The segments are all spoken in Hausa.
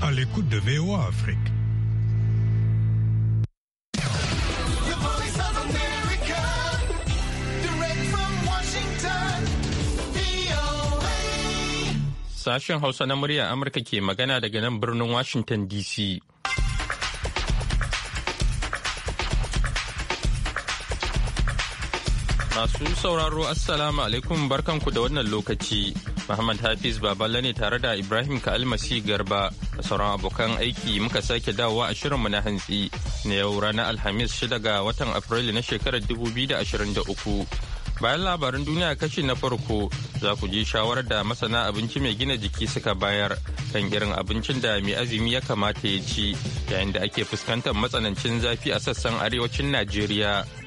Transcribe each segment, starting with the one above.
à l'écoute de VOA Afrique. Sashen Hausa na murya Amurka ke magana daga nan birnin Washington DC. Masu sauraro Assalamu alaikum barkanku da wannan lokaci. Muhammad Hafiz Baballe ne tare da Ibrahim Kalmasi Garba da sauran abokan aiki muka sake dawowa a shirinmu na hantsi na yau ranar Alhamis 6 ga watan Afrilu na shekarar 2023. Bayan labarin duniya kashi na farko za ku ji shawarar da masana abinci mai gina jiki suka bayar kan irin abincin da mai azumi ya kamata ya ci yayin da ake fuskantar matsanancin zafi a sassan arewacin Najeriya.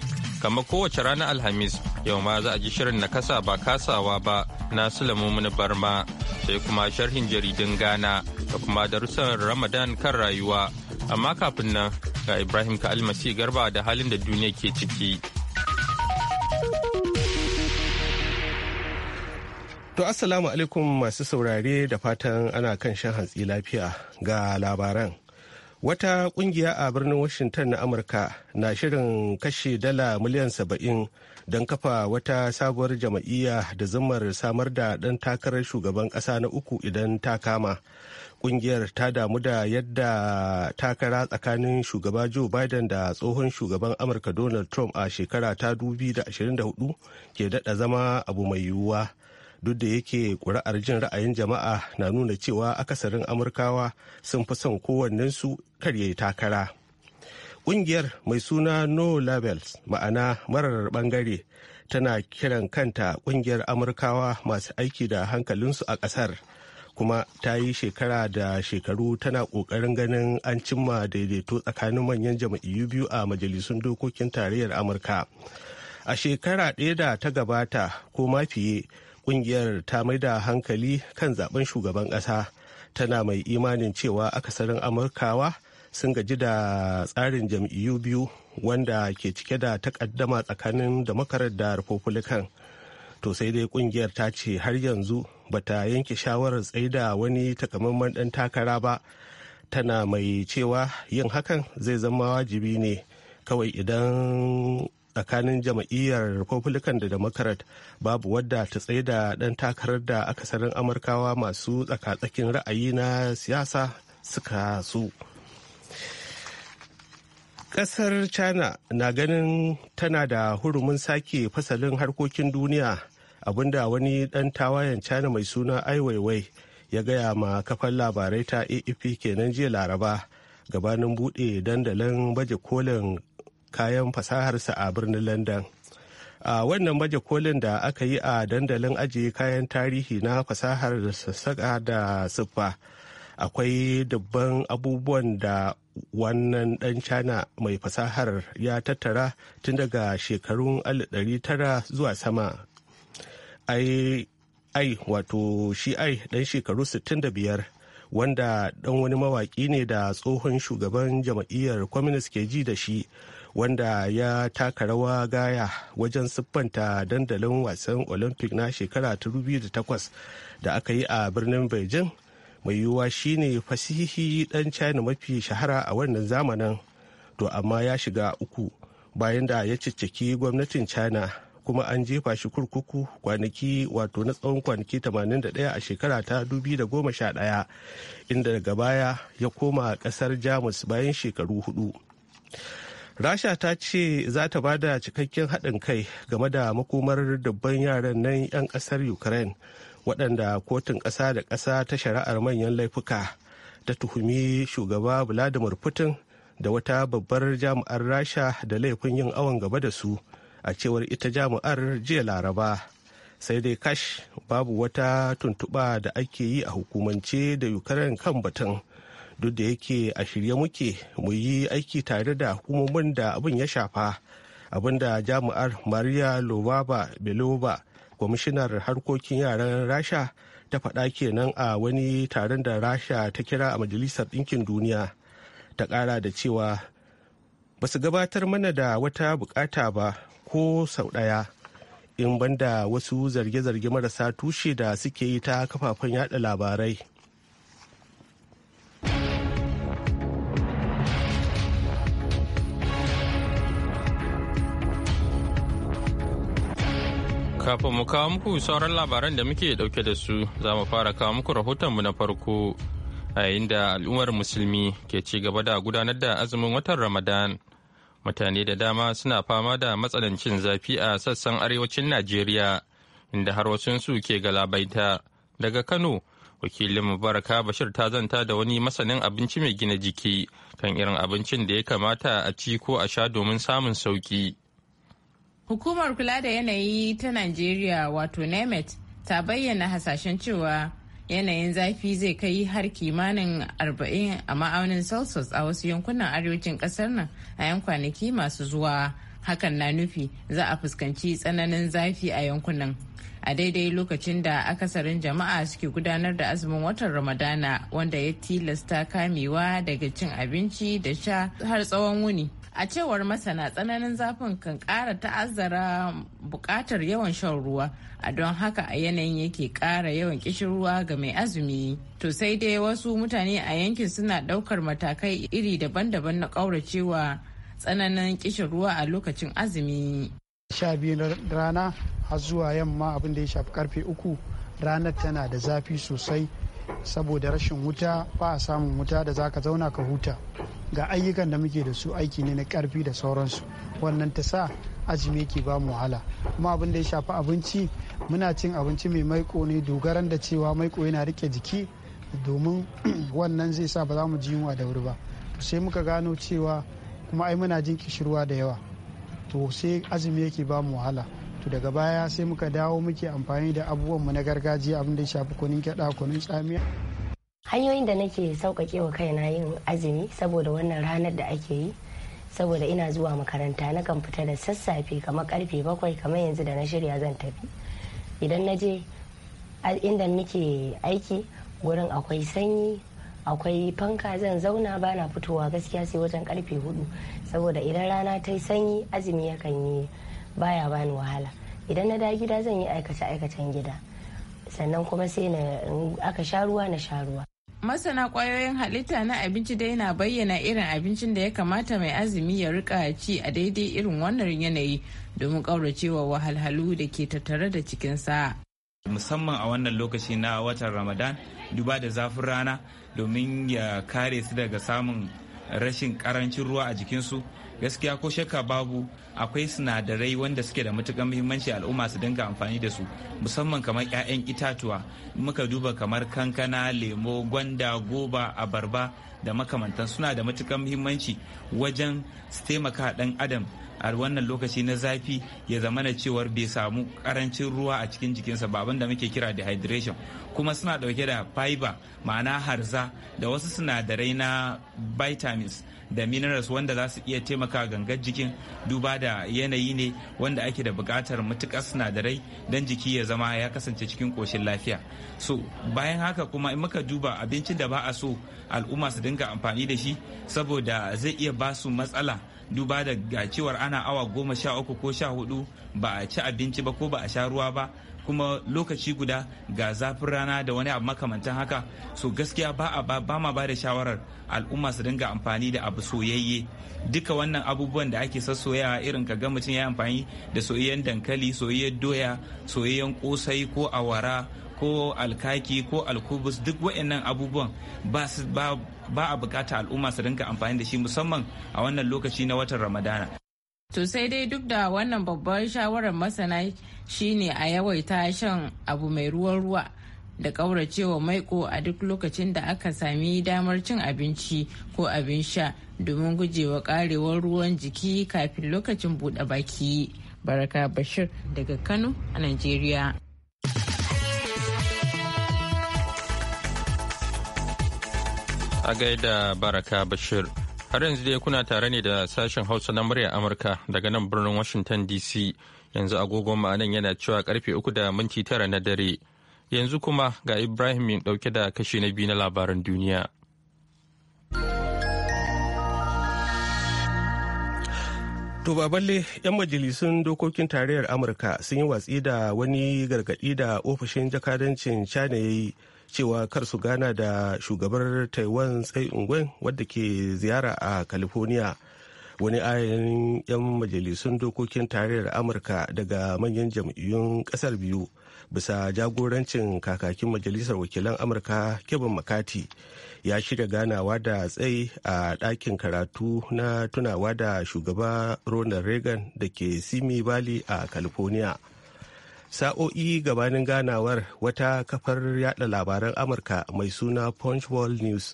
kamar kowace ranar alhamis yau ma za a ji shirin na kasa ba kasawa ba na sulamumin barma sai kuma sharhin jaridun gana da kuma darussan ramadan kan rayuwa amma kafin nan ga ibrahim ka almasi garba da halin da duniya ke ciki To assalamu alaikum masu saurare da fatan ana kan shan hantsi lafiya ga labaran. wata kungiya a birnin washington na amurka na shirin kashe dala miliyan saba'in don kafa wata sabuwar jama'iyya da zumar samar da ɗan takarar shugaban ƙasa na uku idan ta kama ƙungiyar ta damu da yadda takara tsakanin shugaba joe biden da tsohon shugaban amurka donald trump a shekara ta 2024 ke daɗa zama abu mai yiwuwa duk da yake ƙuri'ar jin ra'ayin jama'a na nuna cewa akasarin amurkawa sun fi son kowannensu su takara ƙungiyar mai suna no labels ma'ana marar bangare tana kiran kanta ƙungiyar amurkawa masu aiki da hankalinsu a ƙasar kuma ta yi shekara da shekaru tana ƙoƙarin ganin an cimma daidaito tsakanin manyan jam'iyyu biyu a majalisun dokokin tarayyar amurka a shekara ɗaya da ta gabata ko ma fiye kungiyar ta mai da hankali kan zaben shugaban kasa tana mai imanin cewa akasarin amurkawa sun gaji da tsarin jam'iyyu biyu wanda ke cike da takaddama tsakanin da da republican to sai dai kungiyar ta ce har yanzu bata yanke shawarar da wani takamaiman dan takara ba tana mai cewa yin hakan zai zama wajibi ne kawai idan tsakanin jam'iyyar republican da democrat babu wadda ta tsaye da ɗan takarar da akasarin amurkawa masu tsakatsakin ra'ayi na siyasa suka su ƙasar china na ganin tana da hurumin sake fasalin harkokin duniya abinda wani ɗan tawayen china mai suna aiwaiwai ya gaya ma kafan labarai ta aap kenan jiya laraba gabanin buɗe dandalin baje kolin kayan fasaharsa a birnin london a wannan baje kolin da aka yi a dandalin ajiye kayan tarihi na fasahar sassaka da siffa akwai dubban abubuwan da wannan dan china mai fasahar ya tattara tun daga shekarun 1900 zuwa sama ai ai wato shi ai dan shekaru 65 wanda dan wani mawaki ne da tsohon shugaban jam'iyyar communist ke ji da shi wanda ya taka rawa gaya wajen siffanta dandalin wasan olympic na shekara ta 2008 da aka yi a birnin beijing mai yiwuwa shine fasihi dan china mafi shahara a wannan zamanin to amma ya shiga uku bayan da ya cicciki gwamnatin china kuma an jefa shi kurkuku kwanaki wato na tsawon kwanaki 81 a shekara ta 2011 inda daga baya ya koma kasar jamus bayan shekaru hudu rasha ta ce za ta ba da cikakken haɗin kai game da makomar dubban yaran nan 'yan ƙasar ukraine waɗanda kotun ƙasa da ƙasa ta shari'ar manyan laifuka ta tuhumi shugaba vladimir putin da wata babbar jami'ar rasha da laifin yin awon gaba da su a cewar ita jami'ar jiya laraba sai dai kash babu wata tuntuɓa da ake yi a hukumance da ukraine kan batun. duk da yake a shirye muke mu yi aiki tare da hukumomin da abin ya shafa abinda jami'ar maria lovaba belova kwamishinar harkokin yaran rasha ta faɗa kenan a wani taron da rasha ta kira a majalisar ɗinkin duniya ta ƙara da cewa ba su gabatar mana da wata bukata ba ko sau ɗaya in banda wasu zarge-zarge marasa tushe da suke yi ta kafafen yada labarai Kafin mu kawo muku sauran labaran da muke dauke da su za mu fara kawo muku rahotonmu na farko a yayin da al'ummar musulmi ke ci gaba da gudanar da azumin watan Ramadan. Mutane da dama suna fama da matsanancin zafi a sassan arewacin Najeriya inda har su ke galabaita. Daga Kano, wakilin Baraka Bashir ta zanta da wani masanin abinci mai gina jiki kan irin abincin da ya kamata a ci ko a sha domin samun sauki. Hukumar kula da yanayi ta Najeriya wato NEMET ta bayyana hasashen cewa yanayin zafi zai kai har kimanin 40 a ma'aunin Celsius a wasu yankunan arewacin kasar nan a yan kwanaki masu zuwa. Hakan na nufi za a fuskanci tsananin zafi a yankunan. a daidai lokacin da akasarin jama'a suke gudanar da azumin watan ramadana wanda ya tilasta kamewa daga cin abinci da sha har tsawon wuni a cewar masana tsananin zafin kan kara ta'azzara bukatar yawan shan ruwa a don haka a yanayin yake kara yawan kishin ruwa ga mai azumi to sai dai wasu mutane a yankin suna ɗaukar matakai iri daban-daban na ƙauracewa tsananin kishin ruwa a lokacin azumi sha biyu rana har zuwa yamma abin da ya shafi karfe uku ranar tana da zafi sosai saboda rashin wuta ba a samun wuta da za ka zauna ka huta ga ayyukan da muke da su aiki ne na karfi da sauransu wannan ta sa azumi yake ba mu wahala kuma abin da ya shafi abinci muna cin abinci mai maiko ne dogaran da cewa maiko yana rike jiki domin wannan zai sa ba za mu ji yunwa da wuri ba sai muka gano cewa kuma ai muna jin kishirwa da yawa to sai azumi yake ba mu wahala to daga baya sai muka dawo muke amfani da mu na gargajiya abin da ya shafi kunun gyaɗa kunun tsamiya hanyoyin da nake sauƙaƙe wa kaina yin azumi saboda wannan ranar da ake yi saboda ina zuwa makaranta na kan fita da sassafe kamar karfe bakwai kamar yanzu da na shirya zan tafi idan na je inda nake aiki gurin akwai sanyi akwai fanka zan zauna bana fitowa gaskiya sai wajen karfe hudu saboda idan rana ta yi sanyi azumi yakan yi baya bani wahala idan na dawo gida zan yi aikace aikacen gida sannan kuma sai na aka sha ruwa na sha ruwa masana kwayoyin halitta na abinci dai na bayyana irin abincin da ya kamata mai azumi ya rika ci a daidai irin wannan yanayi domin kauracewa wahalhalu da ke tattare da cikin cikinsa musamman a wannan lokaci na watan ramadan duba da zafin rana domin ya kare su daga samun rashin karancin ruwa a jikinsu gaskiya ko shakka babu akwai sinadarai wanda suke da matukan muhimmanci al'umma su dinga amfani da su musamman kamar 'ya'yan itatuwa muka duba kamar kankana lemo gwanda goba abarba da makamantan suna da matukan muhimmanci wajen su taimaka dan adam a wannan lokaci na zafi ya zama na cewar bai samu karancin ruwa a cikin jikinsa ba abin da muke kira dehydration kuma suna dauke da fiber ma'ana harza da wasu sinadarai na vitamins da minerals wanda za su iya taimaka gangar jikin duba da yanayi ne wanda ake da bukatar matuƙar sinadarai don jiki ya zama ya kasance cikin ƙoshin lafiya so bayan haka kuma in muka duba abincin da ba a so al'umma su dinga amfani da shi saboda zai iya ba su matsala duba da cewar ana awa goma sha uku ko sha hudu ba a ci abinci ba ko ba a sha ruwa ba kuma lokaci guda ga zafin rana da wani abu makamantan haka so gaskiya ba a ba ma ba da shawarar al'umma su dinga amfani da abu soyayye duka wannan abubuwan da ake sassoyawa irin ka ga mutum ya amfani da soyayyen dankali soyayyen doya soyayyen kosai ko awara ko alkaki ko alkubus duk waɗannan abubuwan ba a bukata al'umma su dinga amfani da shi musamman a wannan lokaci na watan ramadana To sai dai duk da wannan babbar shawarar masana shine a yawaita shan abu mai ruwan ruwa da ƙauracewa maiko a duk lokacin da aka sami damar cin abinci ko abin sha domin gujewa karewar ruwan jiki kafin lokacin buɗe baki. Baraka Bashir daga Kano a Najeriya. A gaida Baraka Bashir. Har yanzu dai kuna tare ne da sashen Hausa na murya Amurka daga nan birnin Washington DC. Yanzu agogo ma'anan yana cewa karfe uku da minti tara na dare. Yanzu kuma ga Ibrahim dauke da kashe na biyu na labaran duniya. To ba balle 'yan majalisun dokokin tarayyar Amurka sun yi watsi da wani gargaɗi da ofishin jakadancin China ya yi cewa kar su gana da shugabar taiwan tsai ungwen wadda ke ziyara a california wani ayin 'yan majalisun dokokin tarayyar amurka daga manyan jam'iyyun kasar biyu bisa jagorancin kakakin majalisar wakilan amurka kevin makati ya shirya ganawa da tsayi a dakin karatu na tunawa da shugaba ronald reagan da ke simi valley a california sa'o'i gabanin ganawar wata kafar yada labaran amurka mai suna punch world news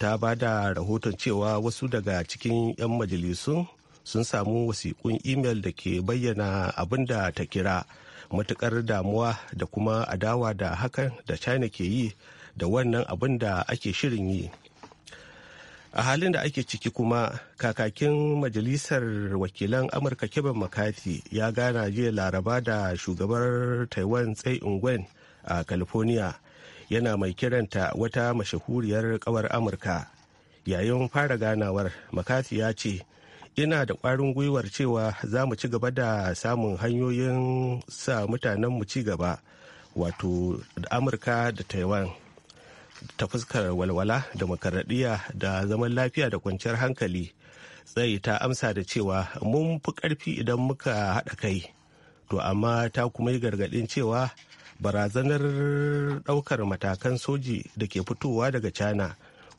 ta ba da rahoton cewa wasu daga cikin 'yan majalisun sun samu wasiƙun imel da ke bayyana abin da ta kira matukar damuwa da kuma adawa da hakan da china ke yi da wannan abin da ake shirin yi a halin da ake ciki kuma kakakin majalisar wakilan amurka kevin mccarthy ya gana jiya laraba da shugabar taiwan tsai ingwen a california yana mai kiranta wata mashahuriyar kawar amurka yayin fara ganawar mccarthy ya ce ina da ƙwarin gwiwar cewa za mu ci gaba da samun hanyoyin sa mutanenmu ci gaba wato amurka da taiwan ta fuskar walwala demokaradiyya da zaman lafiya da kwanciyar hankali tsayi ta amsa da cewa mun fi karfi idan muka haɗa kai to amma ta kuma yi gargaɗin cewa barazanar ɗaukar matakan soji da ke fitowa daga china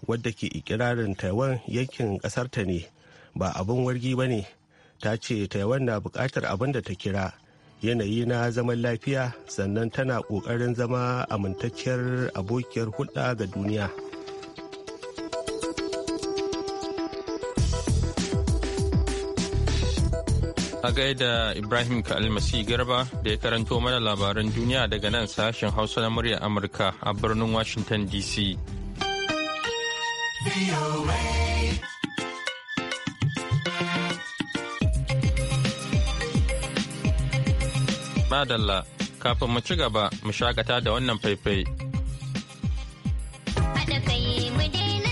wadda ke ikirarin taiwan yankin ƙasarta ne ba abin wargi ba ne ta ce taiwan na buƙatar abin da ta kira yanayi na zaman lafiya sannan tana ƙoƙarin zama amintacciyar abokiyar hulɗa ga duniya. A gaida Ibrahim Kalmasi Garba da ya karanto mana labaran duniya daga nan sashen Hausa na murya Amurka a birnin Washington DC. Madalla, kafin mu ci gaba mu shakata da wannan faifai. Haɗa kai mu daina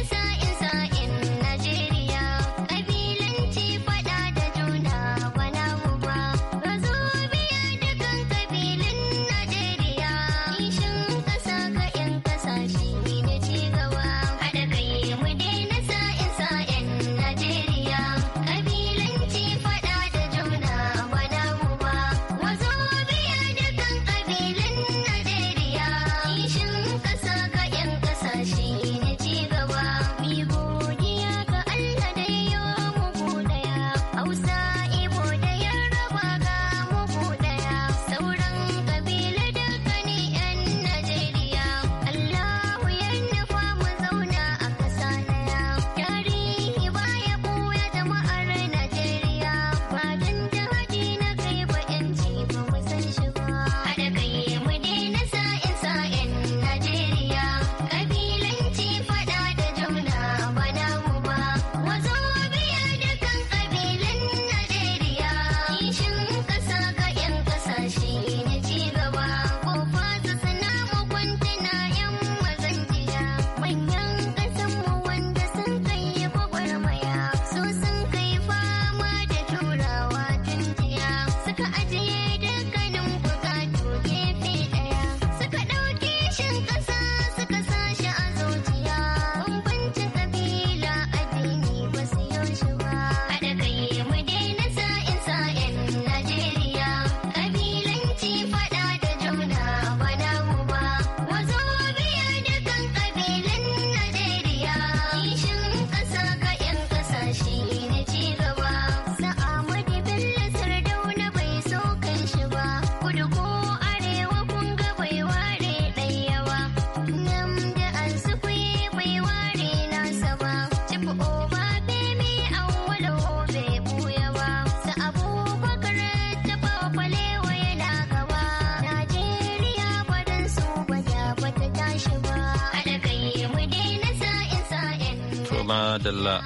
Dalla.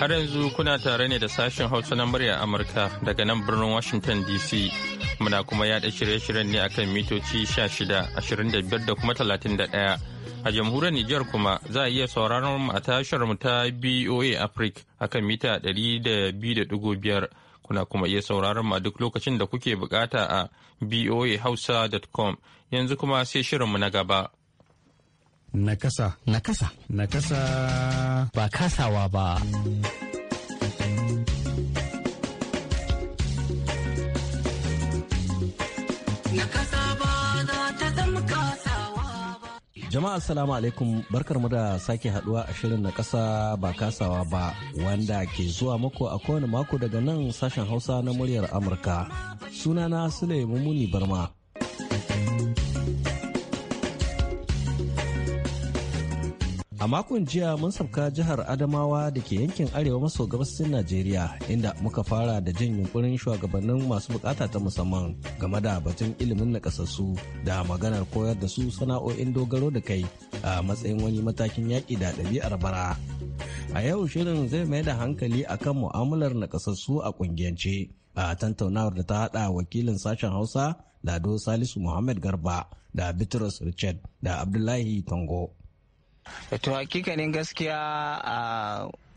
Har yanzu kuna tare ne da sashen Hausa na murya Amurka daga nan birnin Washington DC. Muna kuma yaɗa shirye-shiryen ne akan mitoci 16, 25 da kuma 31. A jamhuriyar Nijar kuma za a iya sauraron mu a tashar mu ta BOA Africa akan mita 200.5. Kuna kuma iya sauraron mu a duk lokacin da kuke bukata a boahausa.com. Yanzu kuma sai shirinmu na gaba. Nakasa. Nakasa. Nakasa. Ba kasawa ba. Jama'a salamu alaikum barkarmu da sake haduwa a shirin na kasa ba kasawa ba wanda ke zuwa mako a kowane mako daga nan sashen hausa na muryar Amurka. Sunana Sule Mumuni Barma. A makon jiya mun sauka jihar Adamawa da ke yankin arewa maso gabasin Najeriya inda muka fara da jin yunkurin shugabannin masu bukata ta musamman game da batun ilimin nakasassu da maganar koyar da su sana'o'in dogaro da kai a matsayin wani matakin yaƙi da ɗabi'ar bara. A yau shirin zai mai da hankali akan mu'amalar nakasassu a ƙungiyance a tantaunawar da ta haɗa wakilin sashen Hausa Lado Salisu Muhammad Garba da Bitrus Richard da Abdullahi Tango. To hakikanin gaskiya a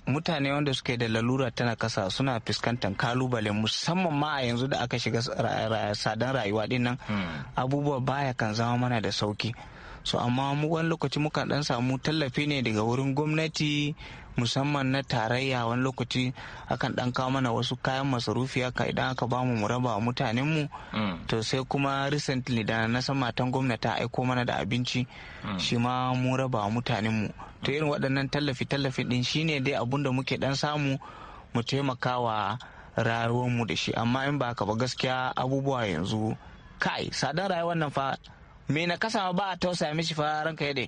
mutane wanda suke da lalura tana kasa suna fuskantar kalubale musamman ma a yanzu da aka shiga sadan rayuwa dinnan hmm. abubuwa baya kan zama mana da sauki. so amma mu wani lokaci muka dan samu tallafi ne daga wurin gwamnati musamman na tarayya wani lokaci akan dan kawo mana wasu kayan masarufi haka idan aka bamu mu raba mutanen mu mm. to sai kuma recently da na san matan gwamnati ta aiko mana da abinci mm. shi ma mu raba mutanen mu to irin waɗannan tallafi tallafi din shine dai abun da muke dan samu mu taimakawa rayuwar mu da shi amma in ba ka ba gaskiya abubuwa yanzu kai sadar rayuwar nan fa me na kasa ba a tausaya mishi fa ranka ya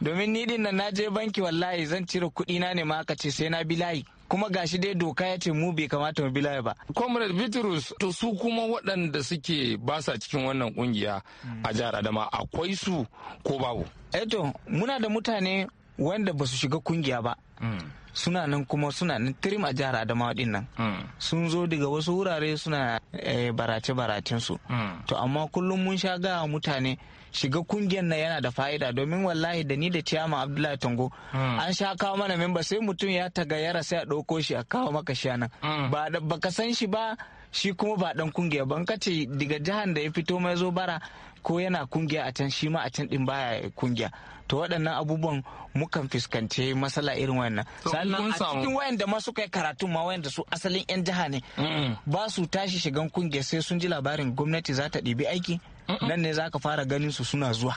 domin ni din nan je banki wallahi zan cire kuɗi na ne ma aka ce sai na bi layi kuma gashi dai doka ya ce mu bai kamata mu bi layi ba comrade bitrus to su kuma waɗanda suke ba sa cikin wannan kungiya a jihar adama akwai su ko babu eto eh muna da mutane wanda ba su shiga kungiya ba mm. suna nan kuma suna nan tirim a jihar adamawa din mm. sun zo daga wasu wurare suna eh, barace baracen su mm. to amma kullum mun sha ga mutane shiga kungiyar na yana da fa'ida domin wallahi da ni da ciyama abdullahi tango mm. an sha kawo mana memba sai mutum ya taga yara sai a ɗauko shi a kawo maka shi nan ba ka san shi ba shi kuma ba dan kungiya ban kace daga jihar da ya fito mai zo bara ko yana kungiya a can shi ma a can din baya kungiya to waɗannan abubuwan mukan fuskanci matsala irin wannan sannan a cikin wayanda ma suka yi karatun ma wayanda su asalin yan jiha ne mm. ba su tashi shigan kungiya sai sun ji labarin gwamnati za ta ɗibi aiki nan ne za ka fara ganin su suna zuwa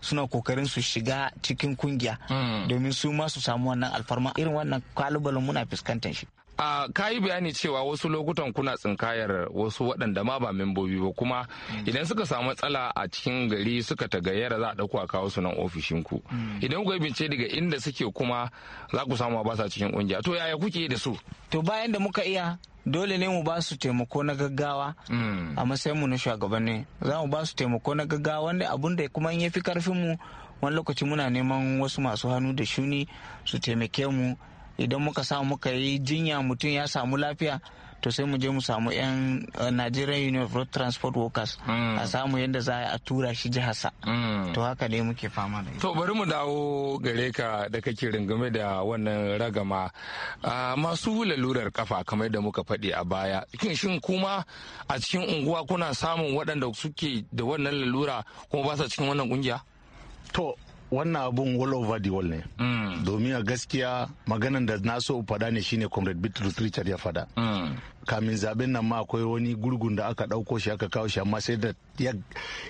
suna kokarin su shiga cikin kungiya mm. domin su ma su samu wannan alfarma irin wannan kalubalen muna fuskantar shi a kayi bayani cewa wasu lokutan kuna tsinkayar wasu waɗanda ma ba membobi ba kuma idan suka samu matsala a cikin gari suka tagayyara za a ɗauko a kawo su nan ofishin ku mm. idan kuka bince daga inda suke kuma za ku samu ba sa cikin ƙungiya to yaya kuke da su to bayan da muka iya dole ne mu ba su taimako na gaggawa mm. a matsayin mu na shugabanni za mu ba su taimako na gaggawa wanda abun da kuma in ya fi karfin mu wani lokaci muna neman wasu masu hannu da shuni su taimake mu idan muka samu muka yi jinya mutum ya samu lafiya to sai mu je mu samu 'yan eh, nigerian union of road transport workers mm. a samu yadda za a tura shi jiharsa mm. to haka ne muke fama da to bari mu dawo gare ka da kake rungume da wannan ragama ah, masu lalurar kafa kamar da muka faɗi a baya shin kuma a cikin unguwa kuna samun waɗanda suke da wannan lalura kuma ba sa cikin wannan kungiya to wannan abun all over the world ne mm. domin a gaskiya maganan da na so fada ne shine comrade bitrus richard ya fada mm. kamin zaben nan ma akwai wani gurgun da aka dauko shi aka kawo shi amma sai da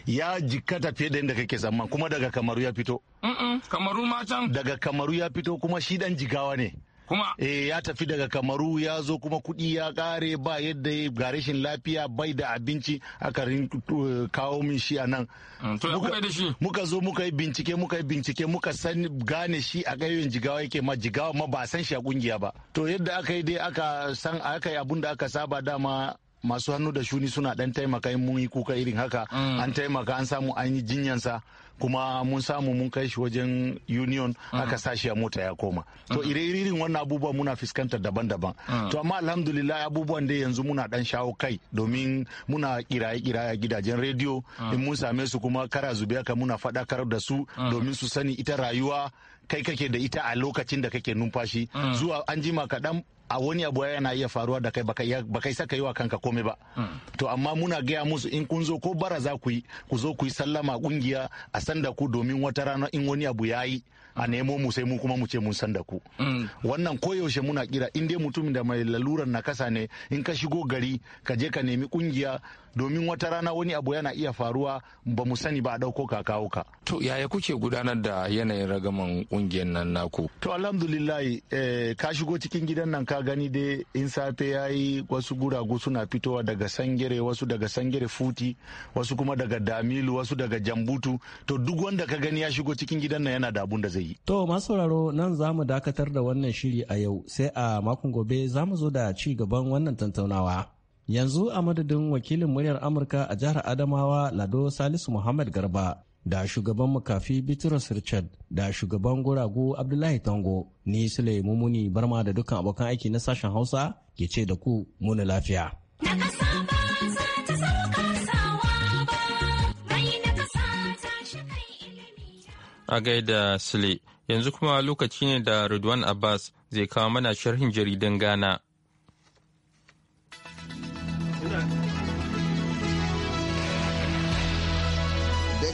ya jikata fiye da inda kake tsamman kuma daga kamaru ya fito kamaru ma daga kamaru ya fito kuma shi dan jigawa ne kuma eh ya tafi daga kamaru ya zo kuma kuɗi ya kare ba yadda ya ga rashin lafiya bai da abinci aka kawo min shi a nan mm, muka zo muka yi bincike muka yi bincike muka san gane shi a ƙauyen jigawa yake ma jigawa ma ba san shi a kungiya ba to yadda aka yi dai aka san aka yi abun da aka saba dama masu hannu da shuni suna dan taimaka in mun yi kuka irin haka mm. an taimaka an samu an yi jinyansa kuma mun samu mun kai shi wajen union mm. aka sashi a mota ya koma to mm. ire wannan abubuwan muna fuskantar daban-daban mm. to amma alhamdulillah abubuwan da yanzu muna dan shawo kai domin muna kiraye-kiraye gidajen rediyo in mun same su kuma kara zube ka muna faɗakar da su domin su sani ita rayuwa kai kake da ita a lokacin da kake numfashi mm. zuwa an jima kaɗan a wani abu yana iya faruwa da kai ba kai saka yi wa kanka komai ba mm. to amma muna gaya musu in kun zo ko bara za ku yi ku zo ku yi sallama kungiya a sanda ku domin wata rana in wani abu ya yi a nemo mu sai mu kuma mu ce mun san da ku mm. wannan koyaushe muna kira in dai mutumin da mai lalurar nakasa ne in ka shigo gari ka je ka nemi kungiya domin wata rana wani abu yana iya faruwa ba mu sani ba a ɗauko ka kawo ka. To yaya kuke gudanar da yanayin ragaman kungiyar nan naku? To alhamdulillahi eh, ka shigo cikin gidan nan ka gani dai in safe ya yi wasu guragu suna fitowa daga sangere wasu daga sangere futi wasu kuma daga damilu wasu daga jambutu to duk wanda ka gani ya shigo cikin gidan nan yana da abun da zai yi. To masu sauraro nan za mu dakatar da wannan shiri a yau sai a makon gobe za mu zo da ci gaban wannan tattaunawa. yanzu a madadin wakilin muryar amurka a jihar adamawa lado salisu muhammad garba da shugaban makafi bitrus richard da shugaban guragu abdullahi tango ni sule mumuni barma da dukkan abokan aiki na sashen hausa ke ce da ku muna lafiya a gaida sule yanzu kuma lokaci ne da ridwan abbas zai kawo mana sharhin jaridan gana.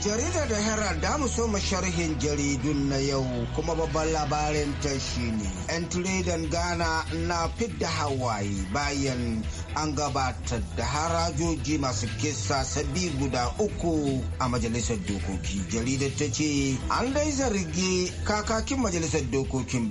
jaridar da herald da mu so sharhin jaridun na yau kuma babban labarin ta shine 'yan tiredan ghana na fidda hawaii bayan an gabatar da harajoji masu kisa sabi guda uku a majalisar dokoki jaridar ta ce an dai zargi kakakin majalisar dokokin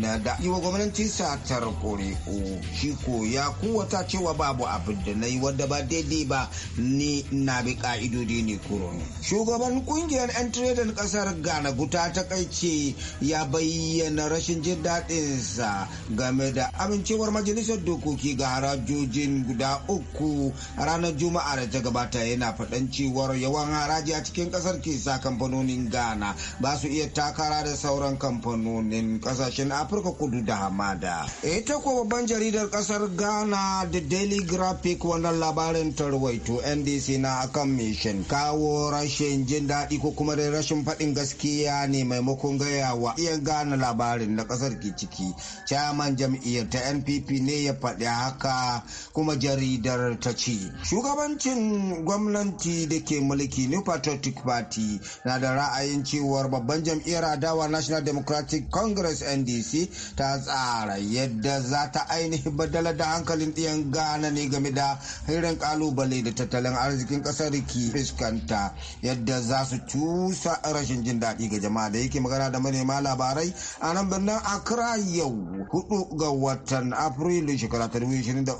na da yi wa gwamnati satar kuri'u shi ko ya kuwata cewa babu abin da na yi wadda ba daidai ba ni na bi ka'idodi ne kurun shugaban kungiyar 'yan tiredin kasar ghana guta ta kaice ya bayyana rashin jin daɗinsa game da amincewar majalisar dokoki ga harajojin guda uku ranar juma'a da ta gabata yana faɗan cewar yawan haraji a cikin kasar ke sa kamfanonin ghana ba su iya takara da sauran kamfanonin kasashen afirka kudu da hamada ita ko babban jaridar kasar ghana da daily graphic wannan labarin tarwaito ndc na akan mishin kawo rashin rashin jin daɗi ko kuma dai rashin faɗin gaskiya ne maimakon gaya wa iya gane labarin na ƙasar ke ciki chairman jam'iyyar ta npp ne ya faɗi haka kuma jaridar ta ce shugabancin gwamnati da ke mulki new patriotic party na da ra'ayin cewar babban jam'iyyar adawa national democratic congress ndc ta tsara yadda za ta ainihin badala da hankalin ɗiyan gane ne game da hirin kalubale da tattalin arzikin ƙasar ke fuskanta yadda da za su cusa rashin jin daɗi ga jama'a da yake magana da manema labarai a nan birnin Accra yau hudu ga watan Afrilu shekara ta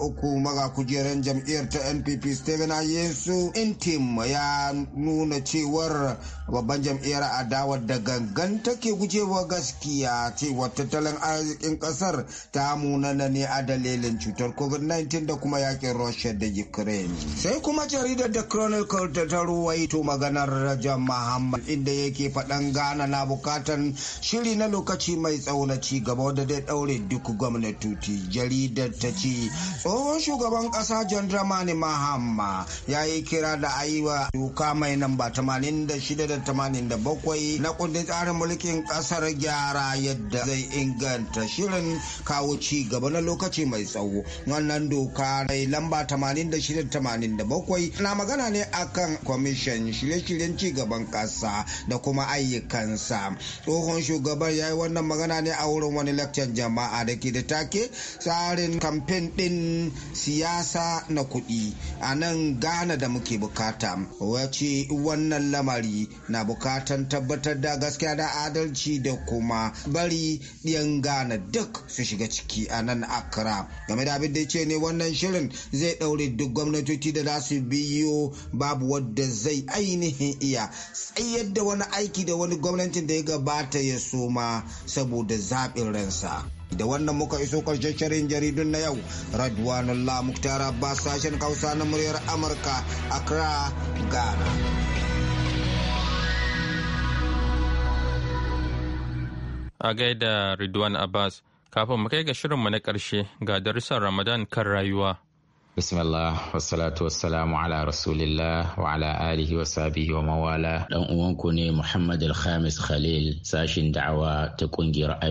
uku maga kujeran jam'iyyar ta NPP Stephen Ayesu Intim ya nuna cewar babban jam'iyyar adawa da gangan take gujewa gaskiya cewa tattalin arzikin kasar ta munana ne a dalilin cutar COVID-19 da kuma yakin Russia da Ukraine. Sai kuma jaridar da Chronicle ta ruwaito maganar Rajan Muhammad inda yake faɗan gana na bukatan shiri na lokaci mai tsawo na ci gaba da zai ɗaure duk gwamnatoci. Jaridar ta ce tsohon shugaban ƙasa John Dramani Mahama ya yi kira da aiwa doka mai namba 86 da 87 na kundin tsarin mulkin ƙasar gyara yadda zai inganta shirin kawo ci gaba na lokaci mai tsawo. Wannan doka mai lamba 86 87 na magana ne akan kwamishin shirye-shirye wajen ci gaban ƙasa da kuma ayyukansa tsohon shugaban ya yi wannan magana ne a wurin wani lakcan jama'a da ke da take tsarin kamfen ɗin siyasa na kuɗi a nan ghana da muke bukata wace wannan lamari na bukatan tabbatar da gaskiya da adalci da kuma bari ɗiyan ghana duk su shiga ciki a nan accra game da abin da ce ne wannan shirin zai ɗaure duk gwamnatoci da za su biyo babu wadda zai ainihi. zai iya tsayar da wani aiki da wani gwamnatin da ya gabata ya suma saboda zaɓin ransa. da wannan muka iso karshen shirin jaridun na yau radwanullah muktar abbas sashen kausa na muryar amurka accra ghana a gaida ridwan abbas kafin mu kai ga shirin mu na karshe ga darussan ramadan kan rayuwa bismillah wassalatu wassalamu ala rasulillah wa ala alihi wa sahbihi wa mawala dan uwanku ne muhammad alhamis khalil sashin da'awa ta kungiyar a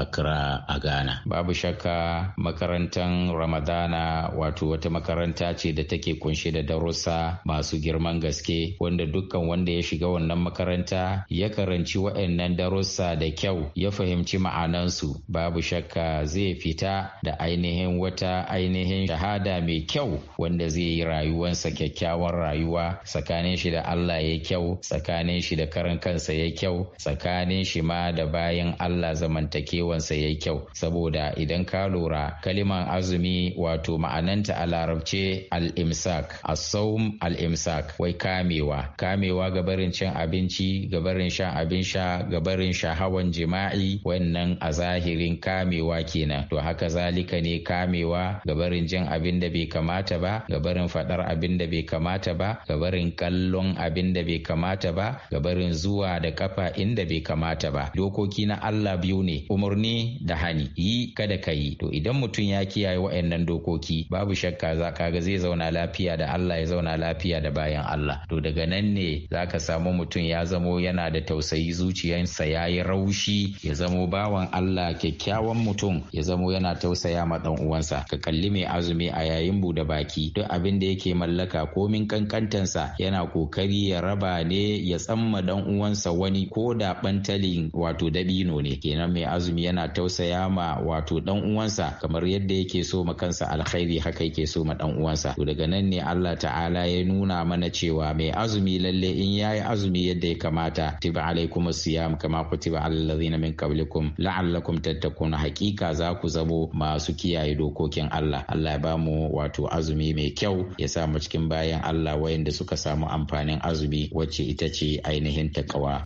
akra a ghana babu shakka makarantar ramadana wato wata makaranta ce da take kunshe da darussa masu girman gaske wanda dukkan wanda ya shiga wannan makaranta ya karanci waɗannan darussa da kyau ya fahimci ma'anansu babu shakka zai fita da ainihin wata ainihin shahada mai kyau wanda zai yi rayuwansa kyakkyawan rayuwa tsakanin shi da Allah ya kyau tsakanin shi da karan kansa ya kyau tsakanin shi ma da bayan Allah zamantakewansa ya kyau saboda idan ka lura kaliman azumi wato ma'ananta a larabce al-imsak as-sawm al-imsak wai kamewa kamewa ga barin cin abinci ga barin shan abin sha ga barin shahawan jima'i wannan a zahirin kamewa kenan to haka zalika ne kamewa ga barin jin abin da da bai kamata ba ga barin faɗar abin da bai kamata ba ga barin kallon abin da bai kamata ba ga barin zuwa da kafa inda bai kamata ba dokoki na Allah biyu ne umarni da hani yi kada ka yi to idan mutum ya kiyaye wa'annan dokoki babu shakka za ka ga zai zauna lafiya da Allah ya zauna lafiya da bayan Allah to daga nan ne za ka samu mutum ya zamo yana da tausayi zuciyarsa ya yi raushi ya zamo bawan Allah kyakkyawan mutum ya zamo yana tausaya ma dan uwansa ka kalli mai azumi a yayin buɗe baki duk abin da yake mallaka komin kankantansa yana kokari ya raba ne ya tsamma dan uwansa wani ko da bantalin wato dabino ne kenan mai azumi yana tausaya ma wato dan uwansa kamar yadda yake so ma kansa alkhairi haka yake so ma dan uwansa to daga nan ne Allah ta'ala ya nuna mana cewa mai azumi lalle in yayi azumi yadda ya kamata tiba alaikum siyam kama kutiba alal ladina min qablikum la'allakum tattakuna. hakika za ku zamo masu kiyaye dokokin Allah Allah ya bamu wato azumi mai kyau ya sa mu cikin bayan Allah wayanda suka samu amfanin azumi wacce ita ce ainihin takawa.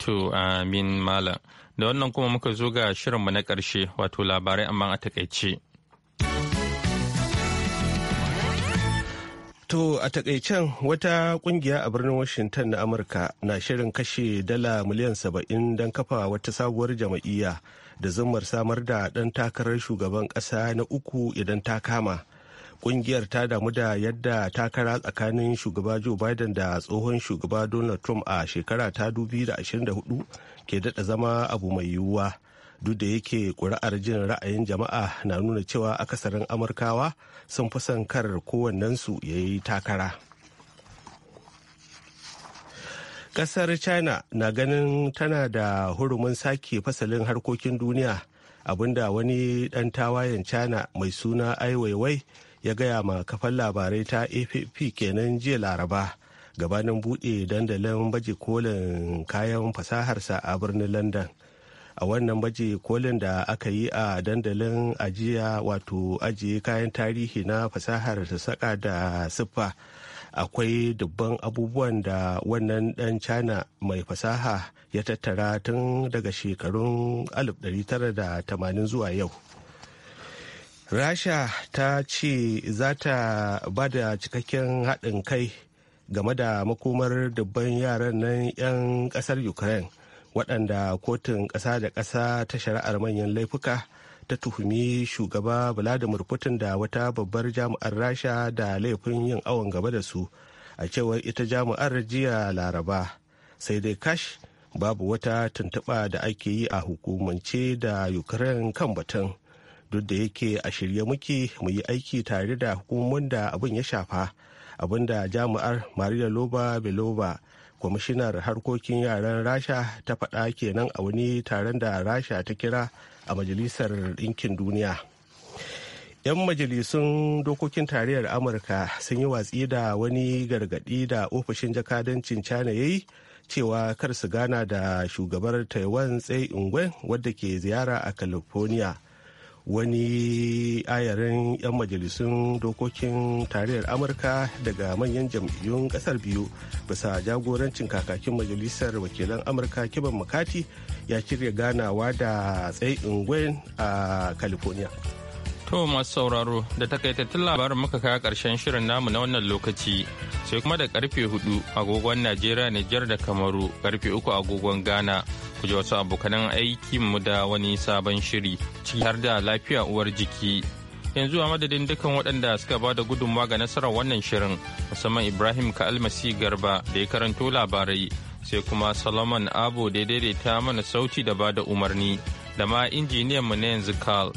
To amin malam. Da wannan kuma muka zo ga shirinmu na ƙarshe wato labarai amma a takaice. To a takaicen wata kungiya a birnin Washington na Amurka na shirin kashe dala miliyan saba'in don kafa wata sabuwar jama'iyya da zammar samar da ɗan takarar shugaban ƙasa na uku idan ta kama ƙungiyar ta damu da yadda takara tsakanin shugaba joe biden da tsohon shugaba donald trump a shekara ta 2024 ke daɗa zama abu mai yiwuwa duk da yake ƙuri'ar jin ra'ayin jama'a na nuna cewa akasarin amurkawa sun fi son kar kowannensu ya yi takara. kasar china na ganin tana da hurumin sake fasalin harkokin duniya abinda wani dan tawayen china mai suna aiwaiwai ya gaya ma kafan labarai ta app kenan jiya laraba gabanin buɗe dandalin baje kolin kayan fasaharsa a birnin london a wannan baje kolin da aka yi a dandalin ajiya wato ajiye kayan tarihi na fasahar ta saka da siffa akwai dubban abubuwan da wannan dan china mai fasaha ya tattara tun daga shekarun 1980 zuwa yau rasha ta ce za ta ba da cikakken haɗin kai game da makomar dubban yaran nan 'yan ƙasar ukraine waɗanda kotun ƙasa da ƙasa ta shari'ar manyan laifuka ta tuhumi shugaba vladimir putin da wata babbar jami'ar rasha da laifin yin awon gaba da su a cewar ita jami'ar jiya laraba sai dai kash babu wata tuntuɓa da ake yi a hukumance da ukraine kan batun duk da yake a shirye muke mu yi aiki tare da hukumomin da abin ya shafa da jami'ar maria loba belova kwamishinar harkokin yaran rasha ta faɗa kenan a wani taron da rasha ta kira a majalisar ɗinkin duniya 'yan majalisun dokokin tarayyar amurka sun yi watsi da wani gargaɗi da ofishin jakadancin china ya yi cewa kar su gana da shugabar taiwan tsai ingwen wadda ke ziyara a california wani ayarin 'yan majalisun dokokin tarayyar amurka daga manyan jam'iyyun kasar biyu bisa jagorancin kakakin majalisar wakilan amurka kiban makati ya shirya ganawa da tsayin gwen a california To masu sauraro da takaitattun labarin muka kawo karshen shirin namu na wannan lokaci sai kuma da karfe hudu agogon Najeriya Nijar da Kamaru karfe uku agogon Ghana ku ji wasu abokanan aiki mu da wani sabon shiri ciki har da lafiya uwar jiki. Yanzu a madadin dukkan waɗanda suka ba da gudunmawa ga nasarar wannan shirin musamman Ibrahim Ka'almasi Garba da ya karanto labarai sai kuma Solomon Abo da ya daidaita mana sauti da ba da umarni da ma injiniyan mu na yanzu Carl.